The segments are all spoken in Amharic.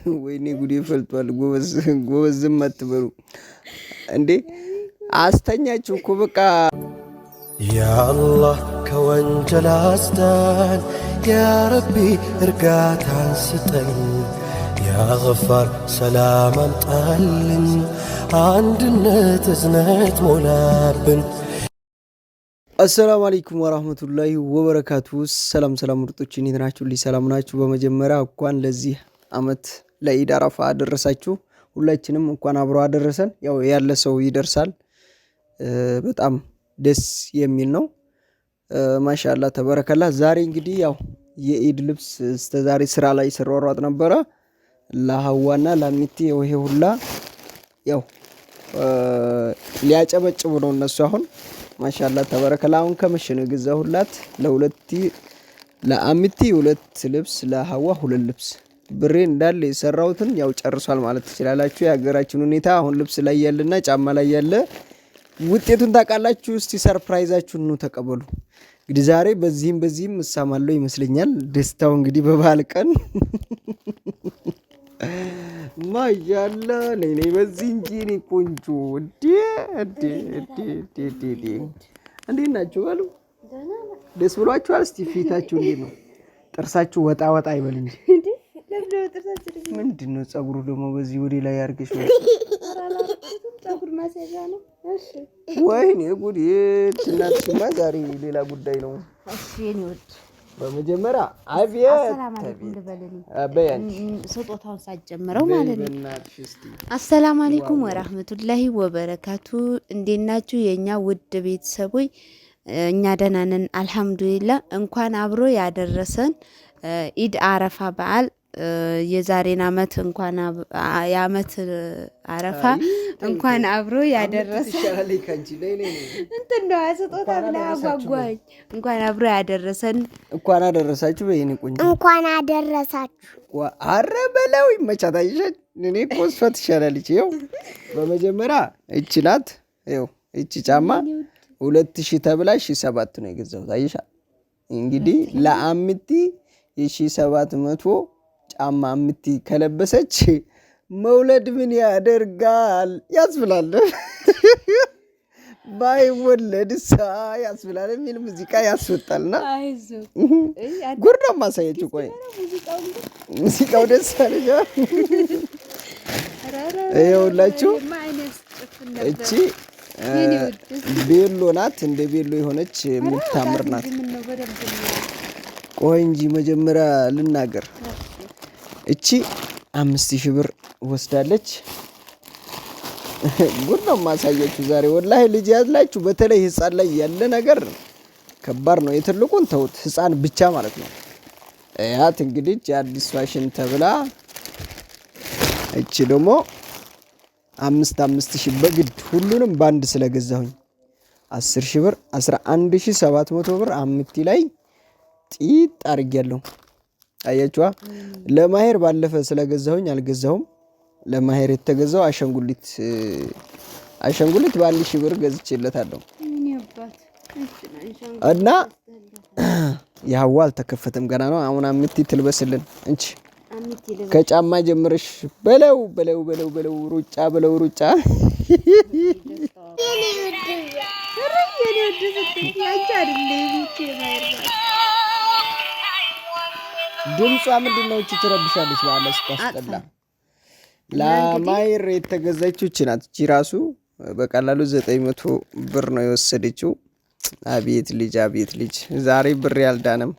ወይኔ ጉዴ ፈልጧል። ጎበዝም አትበሩ እንዴ! አስተኛችሁ እኮ በቃ። ያአላህ ከወንጀል አስዳን፣ ያረቢ እርጋታን ስጠኝ፣ ያገፋር ሰላም አምጣልን፣ አንድነት እዝነት ሞላብን። አሰላሙ አለይኩም ወራህመቱላሂ ወበረካቱ። ሰላም ሰላም ምርጦች እንዴት ናችሁ? ሰላም ናችሁ? በመጀመሪያ እንኳን ለዚህ አመት ለኢድ አረፋ አደረሳችሁ። ሁላችንም እንኳን አብሮ አደረሰን። ያው ያለ ሰው ይደርሳል። በጣም ደስ የሚል ነው። ማሻላ ተበረከላ። ዛሬ እንግዲህ ያው የኢድ ልብስ እስከዛሬ ስራ ላይ ስሯሯጥ ነበረ። ለሀዋና ለሚቲ ይሄ ሁላ ያው ሊያጨበጭቡ ነው እነሱ አሁን። ማሻላ ተበረከላ። አሁን ከመሸነ ገዛሁላት ለሁለት ለአሚቲ ሁለት ልብስ ለሀዋ ሁለት ልብስ ብሬ እንዳለ የሰራሁትን ያው ጨርሷል ማለት ትችላላችሁ። የሀገራችን ሁኔታ አሁን ልብስ ላይ ያለና ጫማ ላይ ያለ ውጤቱን ታውቃላችሁ። እስቲ ሰርፕራይዛችሁን ነው ተቀበሉ። እንግዲህ ዛሬ በዚህም በዚህም እሳማለሁ ይመስለኛል። ደስታው እንግዲህ በበዓል ቀን ማያለ ነይ ነይ በዚህ እንጂ እኔ ቆንጆ እንዴት ናችሁ? በሉ ደስ ብሏችኋል? እስቲ ፊታችሁ እንዴት ነው? ጥርሳችሁ ወጣ ወጣ አይበል እንጂ ምንድን ነው ፀጉሩ ደግሞ በዚህ ወደ ላይ አድርገሽ ወይኔ ጉድ! እናትሽማ ዛሬ ሌላ ጉዳይ ነው። በመጀመሪያ ስጦታውን ማለት ነው። አሰላም አሌይኩም ወራህመቱላሂ ወበረካቱ። እንዴት ናችሁ የእኛ ውድ ቤተሰቦች? እኛ ደህና ነን አልሐምዱሊላ። እንኳን አብሮ ያደረሰን ኢድ አረፋ በዓል የዛሬን አመት እንኳን የአመት አረፋ እንኳን አብሮ ያደረሰ እንትን ነው ስጦታ ብላ አጓጓኝ። እንኳን አብሮ ያደረሰን እንኳን አደረሳችሁ። በይኔ ቁ እንኳን አደረሳችሁ። አረ በለው ይመቻት። አይሻል እኔ እኮ እሷ ይች ው በመጀመሪያ እቺ ናት። ው እቺ ጫማ ሁለት ሺህ ተብላ ሺህ ሰባት ነው የገዛሁት። አይሻል እንግዲህ ለአምቲ የሺህ ሰባት መቶ ጫማ የምትይ ከለበሰች መውለድ ምን ያደርጋል ያስብላል። ባይወለድሳ ያስብላል የሚል ሙዚቃ ያስወጣልና ጉድ ነው ማሳየች። ቆይ ሙዚቃው ደስ አለ ይኸውላችሁ፣ እቺ ቤሎ ናት። እንደ ቤሎ የሆነች የምታምር ናት። ቆይ እንጂ መጀመሪያ ልናገር እቺ አምስት ሺህ ብር ወስዳለች። ጉድ ነው ማሳያችሁ ዛሬ ወላሂ። ልጅ ያላችሁ በተለይ ህፃን ላይ ያለ ነገር ከባድ ነው። የትልቁን ተውት፣ ህፃን ብቻ ማለት ነው። ያት እንግዲህ የአዲስ ፋሽን ተብላ እቺ ደግሞ አምስት አምስት ሺህ በግድ ሁሉንም በአንድ ስለገዛሁኝ አስር ሺህ ብር አስራ አንድ ሺህ ሰባት መቶ ብር አምቲ ላይ ጢጥ አድርጌያለሁ። አያችዋ ለማሄር ባለፈ ስለገዛሁኝ አልገዛሁም። ለማሄር የተገዛው አሻንጉሊት አሻንጉሊት በአንድ ሺህ ብር ገዝቼለታለሁ እና ያዋ አልተከፈተም ገና ነው። አሁን አምቲ ትልበስልን እንቺ ከጫማ ጀምረሽ በለው በለው በለው በለው ሩጫ በለው ሩጫ ድምጿ ምንድን ነው? እቺ ትረብሻለች። በኋላ ስታስጠላ ለማይር የተገዛችው እቺ ናት። እቺ ራሱ በቀላሉ ዘጠኝ መቶ ብር ነው የወሰደችው። አቤት ልጅ፣ አቤት ልጅ፣ ዛሬ ብር ያልዳነም።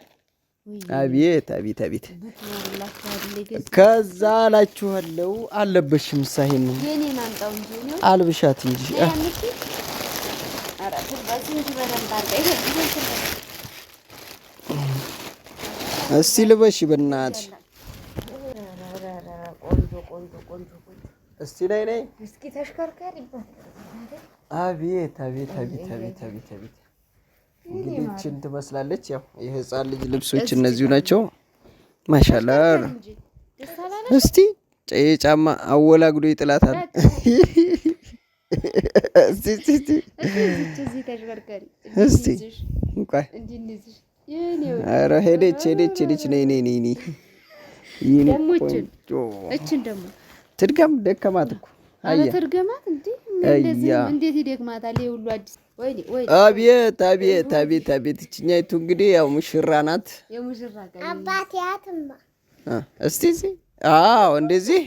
አቤት አቤት አቤት። ከዛ አላችኋለው አለበሽም ሳይን አልብሻት እንጂ እስቲ ልበሽ በእናትሽ። እስቲ ላይ ላይ እስኪ ተሽከርካሪ አቤት አቤት አቤት አቤት አቤት አቤት እንግዲችን ትመስላለች። ያው የህፃን ልጅ ልብሶች እነዚሁ ናቸው። ማሻላር እስቲ ጫማ አወላግዶ ይጥላታል። እስቲ እስቲ እስቲ ኧረ ሄደች ሄደች ሄደች። ነይ ነይ ነይ ነይ። ደግሞ ትድገም። ደከማት እኮ አቤት አቤት አቤት አቤት። እንግዲህ ያው ሙሽራ ናት። እስቲ አዎ፣ እንደዚህ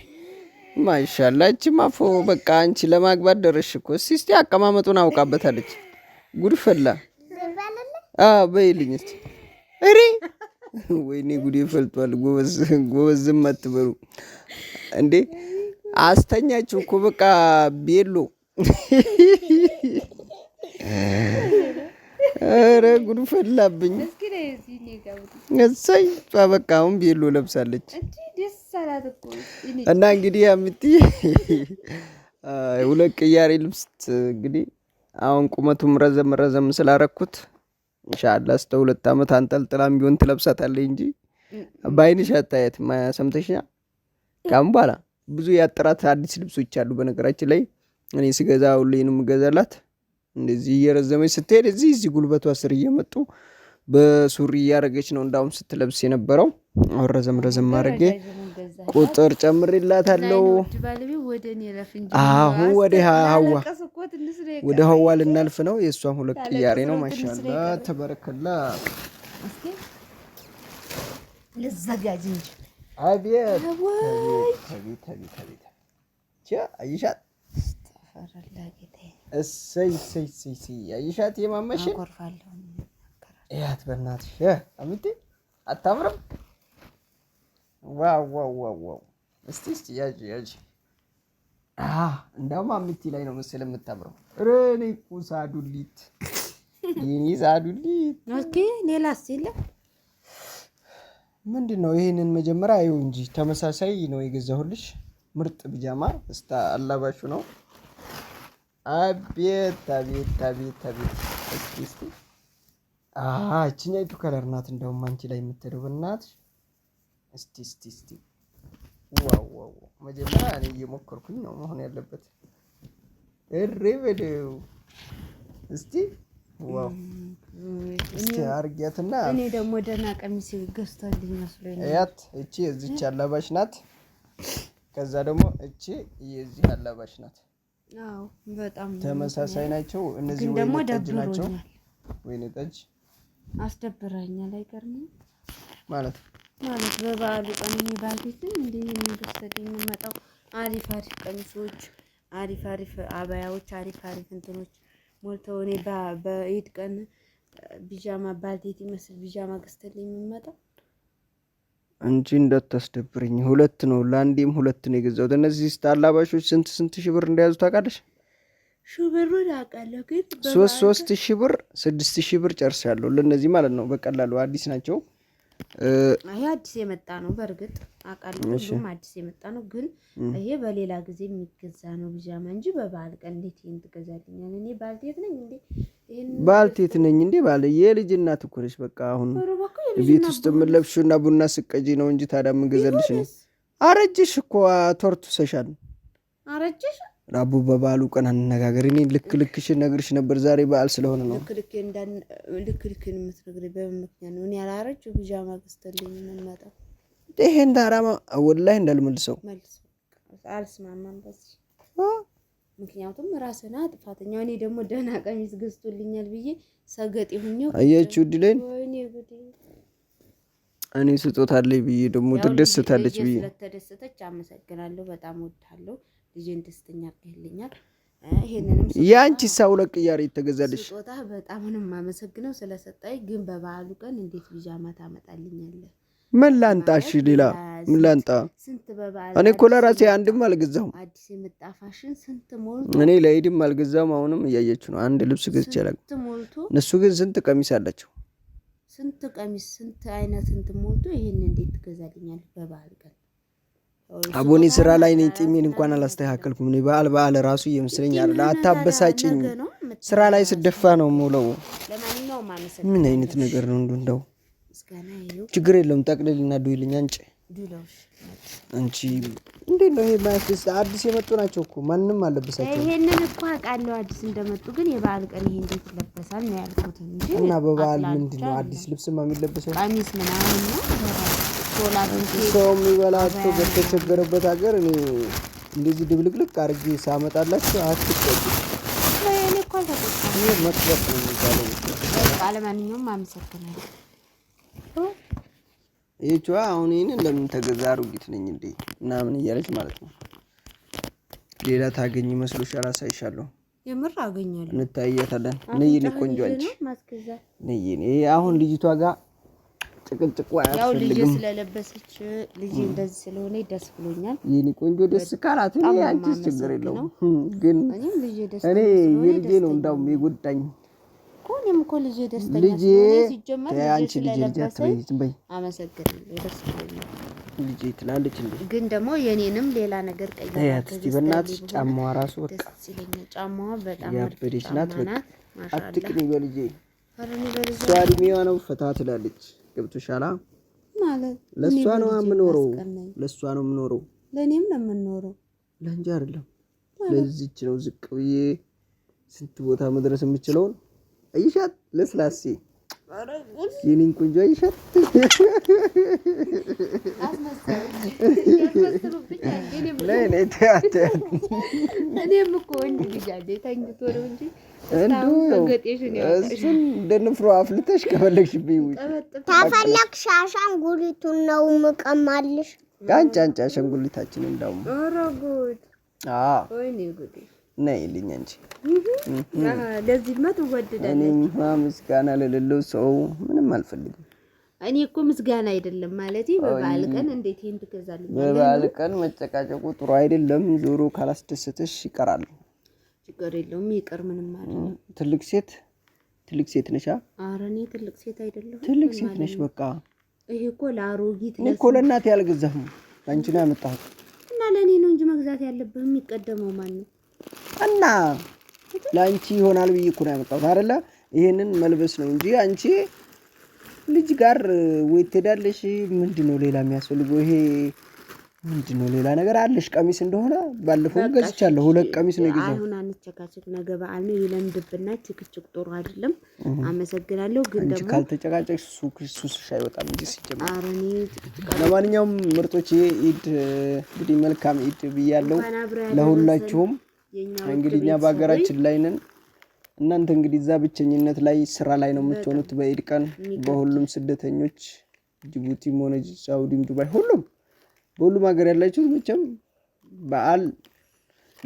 ማሻላ። አፎ በቃ አንቺ ለማግባት ደረሽ እኮ። እስቲ እስቲ አቀማመጡን አውቃበታለች። ጉድ በይልኝ እስቲ እሬ ወይኔ ጉዴ ፈልጧል። ጎበዝም አትበሉ እንዴ አስተኛችሁ እኮ በቃ ቤሎ። ኧረ ጉድ ፈላብኝ። እሰይ በቃ አሁን ቤሎ ለብሳለች። እና እንግዲህ ያምቲ ሁለት ቅያሬ ልብስት እንግዲህ አሁን ቁመቱም ረዘም ረዘም ስላረኩት እንሻላ እስከ ሁለት ዓመት አንጠልጥላም ቢሆን ትለብሳታለህ እንጂ በአይንሽ አታያት። ሰምተሽኛ? ካም በኋላ ብዙ ያጥራት አዲስ ልብሶች አሉ። በነገራችን ላይ እኔ ስገዛ ሁሌንም ገዛላት እንደዚህ እየረዘመች ስትሄድ እዚህ እዚህ ጉልበቷ ስር እየመጡ በሱሪ እያደረገች ነው እንዳሁን ስትለብስ የነበረው። አሁን ረዘም ረዘም አድርጌ ቁጥር ጨምሬላታለሁ። አሁን ወደ ሀዋ ወደ ሀዋ ልናልፍ ነው። የእሷም ሁለት ቅያሬ ነው። ማሻላ ተበረከላ። ልዘጋጅ እንጂ አቤት አይሻት እሰይ እሰይ እሰይ አይሻት የማመሽን እያት በእናትሽ አሚቴ አታምርም? ዋው ዋው ዋው ዋው! እስቲ እስቲ ያጂ ያጂ። አሃ እንደውም አሚቲ ላይ ነው ምስል የምታምረው። እኔ እኮ ሳዱሊት ይሄን ሳዱሊት። ኦኬ ሌላስ የለ ምንድን ነው? ይሄንን መጀመሪያ አይው እንጂ ተመሳሳይ ነው የገዛሁልሽ። ምርጥ ብጃማ እስታ አላባሹ ነው። አቤት አቤት አቤት አቤት! እስቲ እስቲ አሃ እቺኛይቱ ከለር ናት። እንደውም አንቺ ላይ የምትሄደው በእናትሽ። እስቲ እስቲ እስቲ ዋው ዋው! መጀመሪያ እኔ እየሞከርኩኝ ነው መሆን ያለበት። እሬ በለው እስቲ ዋው! እስቲ አርጊያትና እኔ ደግሞ ደህና ቀሚስ ገዝታልኝ መስሎኝ እያት። እቺ የዚች አላባሽ ናት። ከዛ ደግሞ እቺ የዚህ አላባሽ ናት። አዎ በጣም ተመሳሳይ ናቸው። እነዚህ ወይን ጠጅ ናቸው። ወይ ጠጅ አስደብራኛል። አይገርምም ማለት ማለት በበዓሉ ቀን እኔ ባልቤትም እንደ ዩኒቨርሲቲ የምመጣው አሪፍ አሪፍ ቀሚሶች፣ አሪፍ አሪፍ አበያዎች፣ አሪፍ አሪፍ እንትኖች ሞልተው እኔ በኢድ ቀን ቢጃማ ባልቴት ይመስል ቢጃማ ገዝተልኝ የምመጣው እንጂ እንዳታስደብርኝ። ሁለት ነው ለአንዴም ሁለት ነው የገዛሁት። እነዚህ ስታላባሾች ስንት ስንት ሺህ ብር እንደያዙ ታውቃለች ሶስት ሶስት ሺህ ብር ስድስት ሺህ ብር ጨርሳለሁ። ለእነዚህ ማለት ነው በቀላሉ አዲስ ናቸው። ይሄ አዲስ የመጣ ነው። በእርግጥ አውቃለሁ አዲስ የመጣ ነው፣ ግን ይሄ በሌላ ጊዜ የሚገዛ ነው ብዣማ እንጂ በበዓል ቀን እንዴት ትገዛልኛል? እኔ ባልቴት ነኝ እንዴ? ባልቴት ነኝ እንዴ? ባለ የልጅ እናት እኮ ነች። በቃ አሁን ቤት ውስጥ የምለብሽና ቡና ስቀጂ ነው እንጂ ታዲያ የምንገዛልሽ ነው። እኮ ቶርቱ ሰሻል አረጅሽ ዳቦ በበዓሉ ቀን አንነጋገር። እኔ ልክ ልክሽን ነግርሽ ነበር። ዛሬ በዓል ስለሆነ ነው። ልክ ልክ እንዳን በምን ምክንያት ነው? እኔ ይሄ እንደ አራማ ወላሂ እንዳልመልሰው አልስማማም። ምክንያቱም ራስን ጥፋተኛ። እኔ ደግሞ ደህና ቀሚስ ገዝቶልኛል ብዬ ሰገጥ ሁኘ አየች ውድለን እኔ ስጦታ ብዬ ደግሞ ትደስታለች ብዬ ስለተደሰተች አመሰግናለሁ። በጣም ወድታለሁ። ልጄን ደስተኛ አድርገህልኛል። ይሄንንም የአንቺ ሳው ለቅያሬ የተገዛልሽ ስጦታ በጣም ነው የማመሰግነው ስለሰጣኝ። ግን በበዓሉ ቀን እንዴት ቢጃማ ታመጣልኛለህ? ምን ላንጣ? እሺ ሌላ ምን ላንጣ? እኔ እኮ ለራሴ አንድም አልገዛሁም። እኔ ለኢድም አልገዛም። አሁንም እያየች ነው። አንድ ልብስ ገዝቼ አላውቅም። እነሱ ግን ስንት ቀሚስ አላቸው። ስንት ቀሚስ፣ ስንት አይነት፣ ስንት ሞልቶ። ይህን እንዴት ትገዛልኛለህ በበዓሉ ቀን? አቦኔ ስራ ላይ ነኝ። ጢሜን እንኳን አላስተካከልኩም። እኔ በዓል በዓል ራሱ እየመሰለኝ አለ። አታበሳጭኝ። ስራ ላይ ስደፋ ነው የምውለው። ምን አይነት ነገር ነው? እንዱ እንደው ችግር የለውም። ጠቅልልና ዱይልኝ። አንጭ አንቺ እንዴት ነው ይሄ ማያስደስት? አዲስ የመጡ ናቸው እኮ ማንም አለበሳቸው። ይሄንን እኮ አውቃለሁ አዲስ እንደመጡ ግን የበዓል ቀን ይሄ እንዴት ይለበሳል ነው ያልኩት እንጂ እና በበዓል ምንድን ነው አዲስ ልብስማ የሚለበሰው? ቀሚስ ምናምን ነው ሰው የሚበላቸው በተቸገረበት ሀገር እኔ እንደዚህ ድብልቅልቅ አድርጌ ሳመጣላቸው አትቀጡ። ይህ መጥበቅ ነው የሚባለው። ለማንኛውም አመሰግናለሁ። ይህችዋ አሁን ይህንን ለምን ተገዛ አሮጊት ነኝ እንዴ ምናምን እያለች ማለት ነው። ሌላ ታገኝ መስሎሻል? አሳይሻለሁ። የምር አገኛለሁ። እንታያታለን። ነይ ቆንጆ አንቺ ነይ። አሁን ልጅቷ ጋር ጭቅጭቁ ያው ልጅ ስለለበሰች ልጅ እንደዚህ ስለሆነ ደስ ብሎኛል። ይህን ቆንጆ ደስ ካላት እኔ አንቺስ ችግር የለውም ግን እኔ የልጄ ነው እንዳውም የጎዳኝ እኔም እኮ ልጄ ልጄ ልጄ ትላለች እንዴ! ግን ደግሞ የኔንም ሌላ ነገር ጠያት እስቲ በእናትሽ። ጫማዋ ራሱ በቃ ጫማዋ በጣም ያበደች ናት። በቃ በልጄ፣ እሷ እድሜዋ ነው ፈታ ትላለች። ገብቶሻላ? ማለት ለእሷ ነው የምኖረው፣ ለእሷ ነው የምኖረው፣ ለእኔም ነው የምኖረው። ለእንጂ አይደለም ለዚች ነው ዝቅ ብዬ ስንት ቦታ መድረስ የምችለውን እይሻት ለስላሴ የኔን ቆንጆ አይሻል እኔም እኮ ወንድ ልጅ ተኝቶ ነው እንጂ እሱን ደንፍሮ አፍልተሽ አሻንጉሊቱን ነው የምቀማልሽ። አንቺ አንቺ አሻንጉሊታችን እንዳውም ኧረ ጉድ ወይኔ ነይልኝ እንጂ ለዚህማ ትወደዳለህ። እኔማ ምስጋና ለሌለው ሰው ምንም አልፈልግም። እኔ እኮ ምስጋና አይደለም ማለት በበዓል ቀን እንዴት ይሄን ትገዛለች? በበዓል ቀን መጨቃጨቁ ጥሩ አይደለም። ዞሮ ካላስደሰተሽ ይቀራሉ። ችግር የለውም ይቅር። ምንም ትልቅ ሴት ትልቅ ሴት እኔ ትልቅ ሴት አይደለሁም። ትልቅ ሴት ነሽ። በቃ ይሄ እኮ ለአሮጊት እኔ እኮ ለእናቴ አልገዛሁም። አንቺ ነው ያመጣሁት እና ለእኔ ነው እንጂ መግዛት ያለብህ። የሚቀደመው ማን ነው? እና ለአንቺ ይሆናል ብዬ እኮ ነው ያመጣሁት አይደለ? ይሄንን መልበስ ነው እንጂ አንቺ ልጅ ጋር ወይ ትሄዳለሽ። ምንድን ነው ሌላ የሚያስፈልገው? ይሄ ምንድን ነው ሌላ ነገር አለሽ? ቀሚስ እንደሆነ ባለፈው ገዝቻለሁ። ሁለት ቀሚስ ነው የገዛሁት። አሁን አንጨቃጨቅ፣ ነገ በዓል ነው። ይለምድብና ጭቅጭቅ ጥሩ አይደለም። አመሰግናለሁ። ግን ደግሞ ካልተጨቃጨቅ ሱስሽ አይወጣም እንጂ ሲጀምር። ለማንኛውም ምርጦች ይሄ ኢድ እንግዲህ መልካም ኢድ ብያለሁ ለሁላችሁም። እንግዲህ እኛ በሀገራችን ላይ ነን። እናንተ እንግዲህ እዛ ብቸኝነት ላይ ስራ ላይ ነው የምትሆኑት። በኢድ ቀን በሁሉም ስደተኞች ጅቡቲም ሆነ ሳውዲም፣ ዱባይ፣ ሁሉም በሁሉም ሀገር ያላችሁት መቼም በዓል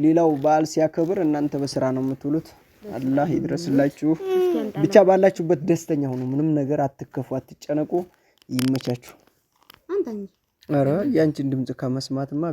ሌላው በዓል ሲያከብር እናንተ በስራ ነው የምትውሉት። አላህ ይድረስላችሁ። ብቻ ባላችሁበት ደስተኛ ሁኑ። ምንም ነገር አትከፉ፣ አትጨነቁ። ይመቻችሁ። ኧረ ያንቺን ድምፅ ከመስማትማ